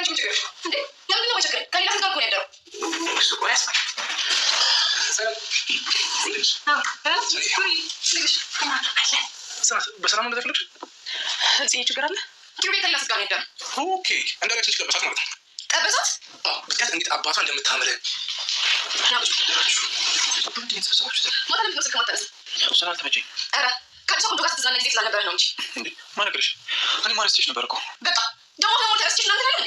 አንቺ ችግርሽ ነው እንዴ? ለምንድነው መቸገር? ከሌላ ስጋ ነው ያደረው በሰላም እንደተፈለግሽ እዚህ ችግር አለ። ኪሩቤ ከሌላ ስጋ ነው ያደረው። ኦኬ እንዳለች ልጅ ቀበሳት ማለት ነው። ቀበሳት ብትያት እንዴት አባቷ እንደምታምር ሰላም ተመቸኝ። ኧረ ከአዲስ ቁንጆ ጋር ስትዝናና ጊዜ ስላልነበረ ነው እንጂ ማነገርሽ እኔ ማለት ስቴሽ ነበር እኮ በጣም ደግሞ ደግሞ ስቴሽ ናምትላለ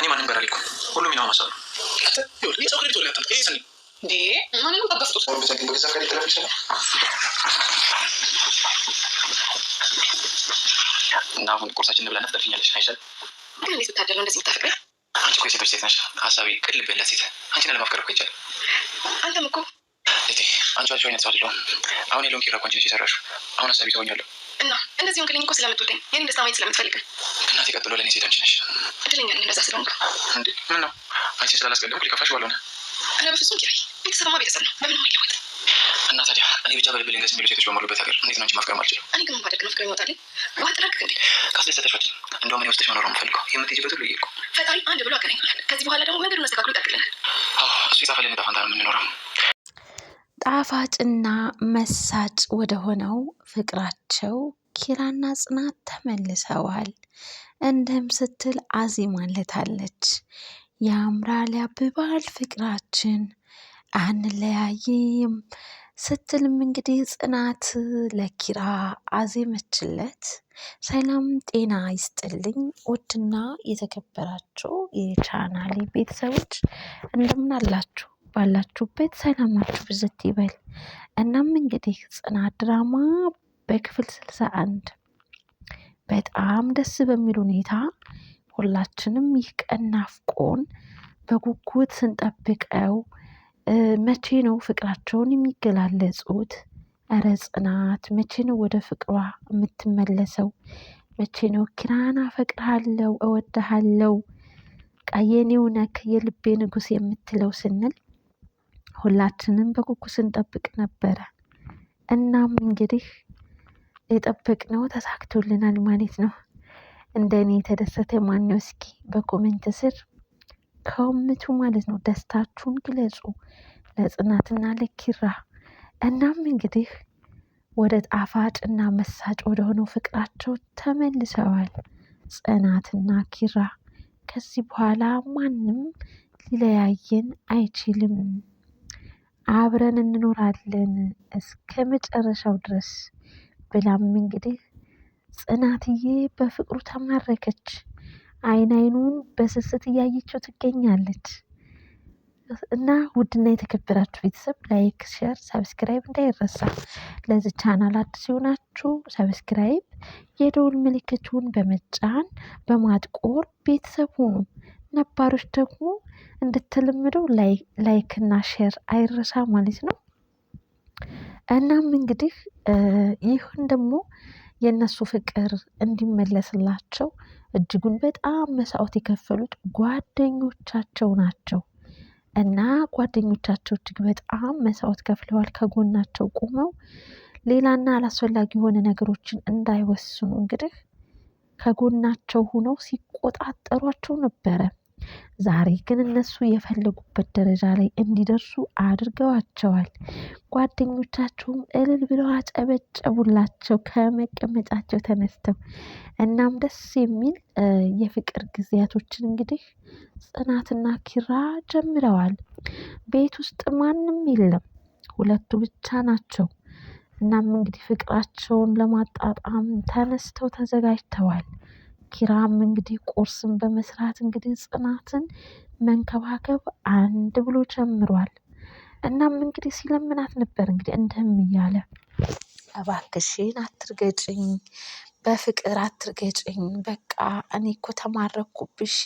እኔ ማንም ጋር አልሄድኩም። ሁሉም ሚናውን አሳሉ ሰው ክሬዲት ወላ ይሄ ስኒ ማንንም ታጋፍጡት በገዛ ክሬዲት ላይ ይችላል እና አሁን ቁርሳችን ብላ ነፍ ጠልፍኛለች። ግን እንዴት ብታደር እንደዚህ ምታፈቅሪ? አንቺ እኮ የሴቶች ሴት ነሽ። ሀሳቢ ቅል ልብ ያላት ሴት አንቺን አለማፍቀር እኮ ይቻላል። አንተም እኮ ቴቴ አንቺ አልሽ አይነት ሰው አይደለሁም። አሁን ያለውን ኪራ እኮ አንቺ ነሽ የሰራሽው። አሁን ሀሳቢ ተወኛለሁ እና እንደዚህ ሆንክልኝ እኮ ስለምትወደኝ የኔን ደስታ ማየት ስለምትፈልግ ከእናቴ ቀጥሎ ለእኔ ሴት አንቺ ነሽ። እድለኛ ነኝ እንደዛ ስለሆንክ። እንዴ ምን ነው አንቺ ስላላስቀደምኩ ሊከፋሽ ባልሆነ። እረ በፍጹም ኪራይ፣ ቤተሰብማ ቤተሰብ ነው፣ በምንም አይለወጥም። እና ታዲያ እኔ ብቻ በልብ ልንገስ የሚሉ ሴቶች በሞሉበት ሀገር እንዴት ነው አንቺ ማፍቀር አልችልም? እኔ ግን ባደግ ነው ፍቅር ይወጣልኝ። ውሃ እንዴ ካስደሰተሽ እንደውም እኔ ውስጥሽ መኖር የምፈልገው የምትሄጂበት ሁሉ እየሄድኩ ፈጣሪ አንድ ብሎ አገናኝቶናል። ከዚህ በኋላ ደግሞ መንገዱን አስተካክሎ ይጠርግልናል። እሱ የጻፈልን ዕጣ ፈንታ ነው የምንኖረው። ጣፋጭና መሳጭ ወደ ሆነው ፍቅራቸው ኪራና ጽናት ተመልሰዋል። እንደም ስትል አዚማለታለች። ያምራል ያብባል ፍቅራችን አንለያይም ስትልም እንግዲህ ጽናት ለኪራ አዜመችለት። ሰላም ጤና ይስጥልኝ ውድና የተከበራችሁ የቻናሌ ቤተሰቦች እንደምን አላችሁ? ባላችሁበት ሰላማችሁ ብዝት ይበል። እናም እንግዲህ ጽናት ድራማ በክፍል ስልሳ አንድ በጣም ደስ በሚል ሁኔታ ሁላችንም ይህ ቀን ናፍቆን በጉጉት ስንጠብቀው መቼ ነው ፍቅራቸውን የሚገላለጹት? እረ ጽናት መቼ ነው ወደ ፍቅሯ የምትመለሰው? መቼ ነው ኪራን አፈቅርሃለው እወድሃለው ቀየኔው ነክ የልቤ ንጉስ የምትለው ስንል ሁላችንም በጉጉት ስንጠብቅ ነበረ። እናም እንግዲህ የጠበቅነው ተሳክቶልናል ማለት ነው። እኔ የተደሰተ ነው? እስኪ በኮመንት ስር ከውምቱ ማለት ነው ደስታችሁን ግለጹ ለጽናትና ለኪራ። እናም እንግዲህ ወደ ጣፋጭ እና መሳጭ ወደ ሆነው ፍቅራቸው ተመልሰዋል ጽናትና ኪራ። ከዚህ በኋላ ማንም ሊለያየን አይችልም፣ አብረን እንኖራለን እስከ መጨረሻው ድረስ ብላም እንግዲህ ጽናትዬ በፍቅሩ ተማረከች። አይን አይኑን በስስት እያየችው ትገኛለች። እና ውድና የተከበራችሁ ቤተሰብ ላይክ፣ ሼር፣ ሰብስክራይብ እንዳይረሳ። ለዚህ ቻናል አዲስ ሲሆናችሁ ሰብስክራይብ፣ የደውል ምልክቱን በመጫን በማጥቆር ቤተሰብ ሁኑ። ነባሮች ደግሞ ላይክ ላይክና ሼር አይረሳ ማለት ነው። እናም እንግዲህ ይህን ደግሞ የእነሱ ፍቅር እንዲመለስላቸው እጅጉን በጣም መስዋዕት የከፈሉት ጓደኞቻቸው ናቸው እና ጓደኞቻቸው እጅግ በጣም መስዋዕት ከፍለዋል። ከጎናቸው ቆመው ሌላና አላስፈላጊ የሆነ ነገሮችን እንዳይወስኑ እንግዲህ ከጎናቸው ሆነው ሲቆጣጠሯቸው ነበረ። ዛሬ ግን እነሱ የፈለጉበት ደረጃ ላይ እንዲደርሱ አድርገዋቸዋል። ጓደኞቻቸውም እልል ብለው አጨበጨቡላቸው ከመቀመጫቸው ተነስተው። እናም ደስ የሚል የፍቅር ጊዜያቶችን እንግዲህ ጽናትና ኪራ ጀምረዋል። ቤት ውስጥ ማንም የለም፣ ሁለቱ ብቻ ናቸው። እናም እንግዲህ ፍቅራቸውን ለማጣጣም ተነስተው ተዘጋጅተዋል። ኪራም እንግዲህ ቁርስን በመስራት እንግዲህ ጽናትን መንከባከብ አንድ ብሎ ጀምሯል። እናም እንግዲህ ሲለምናት ነበር እንግዲህ እንደም እያለ እባክሽን አትርገጭኝ፣ በፍቅር አትርገጭኝ፣ በቃ እኔ እኮ ተማረኩብሽ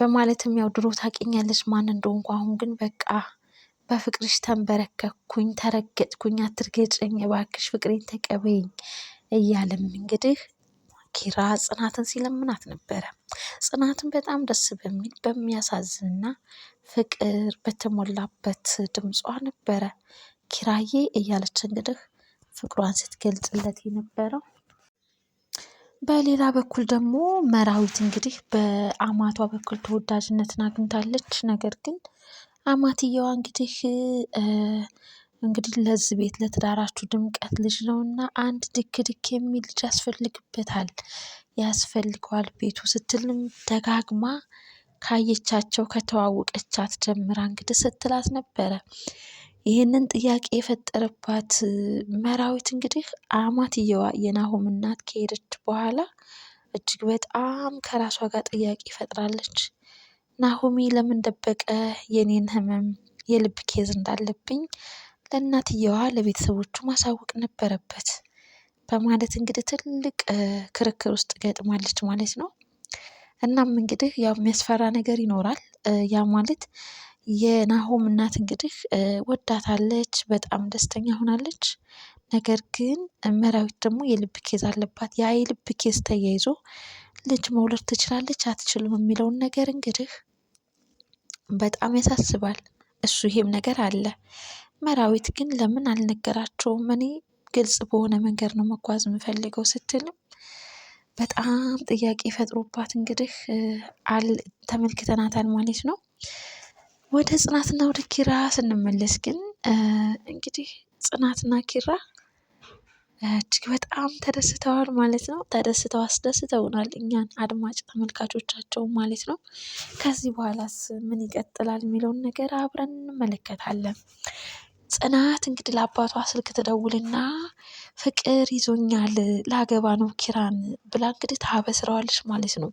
በማለትም ያው ድሮ ታውቂኛለሽ ማን እንደሆንኩ፣ አሁን ግን በቃ በፍቅርሽ ተንበረከኩኝ፣ ተረገጥኩኝ፣ አትርገጭኝ፣ እባክሽ ፍቅሬን ተቀበይኝ እያለም እንግዲህ ኪራ ጽናትን ሲለምናት ነበረ። ጽናትን በጣም ደስ በሚል በሚያሳዝንና ፍቅር በተሞላበት ድምጿ ነበረ ኪራዬ እያለች እንግዲህ ፍቅሯን ስትገልጽለት የነበረው። በሌላ በኩል ደግሞ መራዊት እንግዲህ በአማቷ በኩል ተወዳጅነትን አግኝታለች። ነገር ግን አማትየዋ እንግዲህ እንግዲህ ለዚህ ቤት ለትዳራችሁ ድምቀት ልጅ እና አንድ ድክ ድክ የሚል ልጅ ያስፈልግበታል ያስፈልገዋል ቤቱ ስትልም ደጋግማ ካየቻቸው ከተዋወቀቻት ጀምራ እንግዲህ ስትላት ነበረ። ይህንን ጥያቄ የፈጠረባት መራዊት እንግዲህ አማትየዋ የናሆም እናት ከሄደች በኋላ እጅግ በጣም ከራሷ ጋር ጥያቄ ፈጥራለች። ናሆሚ ለምን ደበቀ የኔን ህመም የልብ ኬዝ እንዳለብኝ ለእናትየዋ ለቤተሰቦቹ ማሳወቅ ነበረበት በማለት እንግዲህ ትልቅ ክርክር ውስጥ ገጥማለች ማለት ነው። እናም እንግዲህ ያው የሚያስፈራ ነገር ይኖራል። ያ ማለት የናሆም እናት እንግዲህ ወዳታለች፣ በጣም ደስተኛ ሆናለች። ነገር ግን መራዊት ደግሞ የልብ ኬዝ አለባት። ያ የልብ ኬዝ ተያይዞ ልጅ መውለድ ትችላለች አትችልም የሚለውን ነገር እንግዲህ በጣም ያሳስባል። እሱ ይሄም ነገር አለ። መራዊት ግን ለምን አልነገራቸውም እኔ ግልጽ በሆነ መንገድ ነው መጓዝ የምፈልገው ስትልም በጣም ጥያቄ ፈጥሮባት እንግዲህ አል ተመልክተናታል ማለት ነው። ወደ ጽናትና ወደ ኪራ ስንመለስ ግን እንግዲህ ጽናትና ኪራ እጅግ በጣም ተደስተዋል ማለት ነው። ተደስተው አስደስተውናል እኛን አድማጭ ተመልካቾቻቸው ማለት ነው። ከዚህ በኋላስ ምን ይቀጥላል የሚለውን ነገር አብረን እንመለከታለን። ጽናት እንግዲህ ለአባቷ ስልክ ትደውልና ፍቅር ይዞኛል ላገባ ነው ኪራን ብላ እንግዲህ ታበስረዋለች ማለት ነው።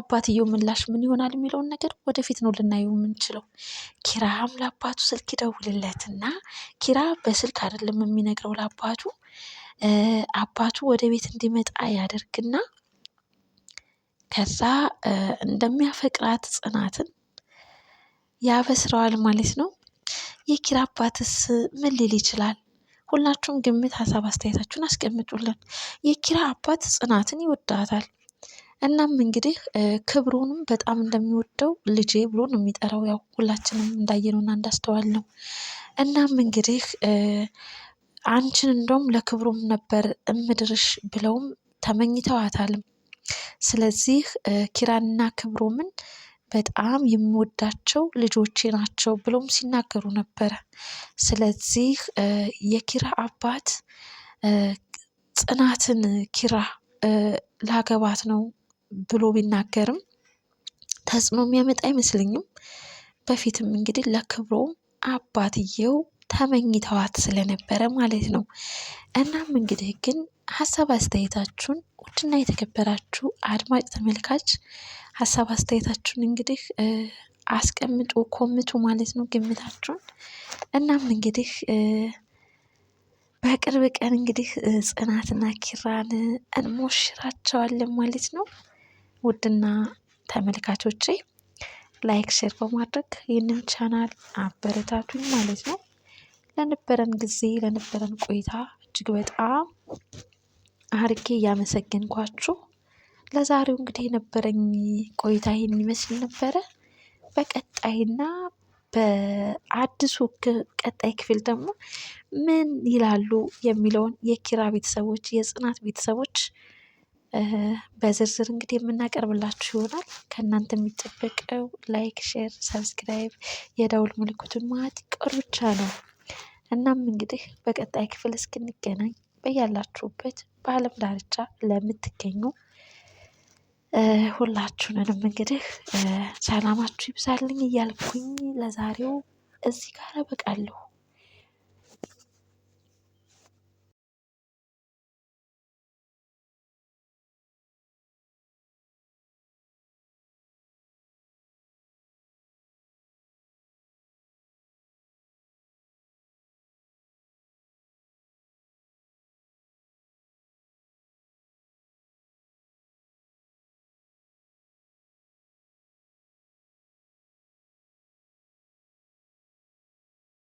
አባትየው ምላሽ ምን ይሆናል የሚለውን ነገር ወደፊት ነው ልናየው የምንችለው። ኪራም ለአባቱ ስልክ ይደውልለትና ኪራ በስልክ አይደለም የሚነግረው ለአባቱ አባቱ ወደ ቤት እንዲመጣ ያደርግና ከዛ እንደሚያፈቅራት ጽናትን ያበስረዋል ማለት ነው። የኪራ አባትስ ምን ሊል ይችላል? ሁላችሁም ግምት፣ ሀሳብ አስተያየታችሁን አስቀምጡልን። የኪራ አባት ጽናትን ይወዳታል። እናም እንግዲህ ክብሩንም በጣም እንደሚወደው ልጄ ብሎ ነው የሚጠራው። ያው ሁላችንም እንዳየነውና እንዳስተዋል ነው። እናም እንግዲህ አንቺን እንደውም ለክብሩም ነበር እምድርሽ ብለውም ተመኝተዋታልም። ስለዚህ ኪራና ክብሩምን በጣም የምወዳቸው ልጆቼ ናቸው ብሎም ሲናገሩ ነበረ። ስለዚህ የኪራ አባት ጽናትን ኪራ ላገባት ነው ብሎ ቢናገርም ተጽዕኖ የሚያመጣ አይመስለኝም። በፊትም እንግዲህ ለክብሮም አባትየው ተመኝተዋት ስለነበረ ማለት ነው። እናም እንግዲህ ግን ሀሳብ አስተያየታችሁን ውድና የተከበራችሁ አድማጭ ተመልካች ሀሳብ አስተያየታችሁን እንግዲህ አስቀምጡ፣ ኮምቱ ማለት ነው ግምታችሁን። እናም እንግዲህ በቅርብ ቀን እንግዲህ ጽናትና ኪራን እንሞሽራቸዋለን ማለት ነው። ውድና ተመልካቾቼ ላይክ፣ ሼር በማድረግ ይህንን ቻናል አበረታቱኝ ማለት ነው። ለነበረን ጊዜ ለነበረን ቆይታ እጅግ በጣም አርጌ እያመሰገንኳችሁ ለዛሬው እንግዲህ የነበረኝ ቆይታ ይህን ይመስል ነበረ። በቀጣይና በአዲሱ ቀጣይ ክፍል ደግሞ ምን ይላሉ የሚለውን የኪራ ቤተሰቦች የጽናት ቤተሰቦች በዝርዝር እንግዲህ የምናቀርብላችሁ ይሆናል። ከእናንተ የሚጠበቀው ላይክ፣ ሼር፣ ሰብስክራይብ የደውል ምልክቱን ማጥቆር ብቻ ነው። እናም እንግዲህ በቀጣይ ክፍል እስክንገናኝ በያላችሁበት በዓለም ዳርቻ ለምትገኙ ሁላችሁንንም እንግዲህ ሰላማችሁ ይብዛልኝ እያልኩኝ ለዛሬው እዚህ ጋር በቃለሁ።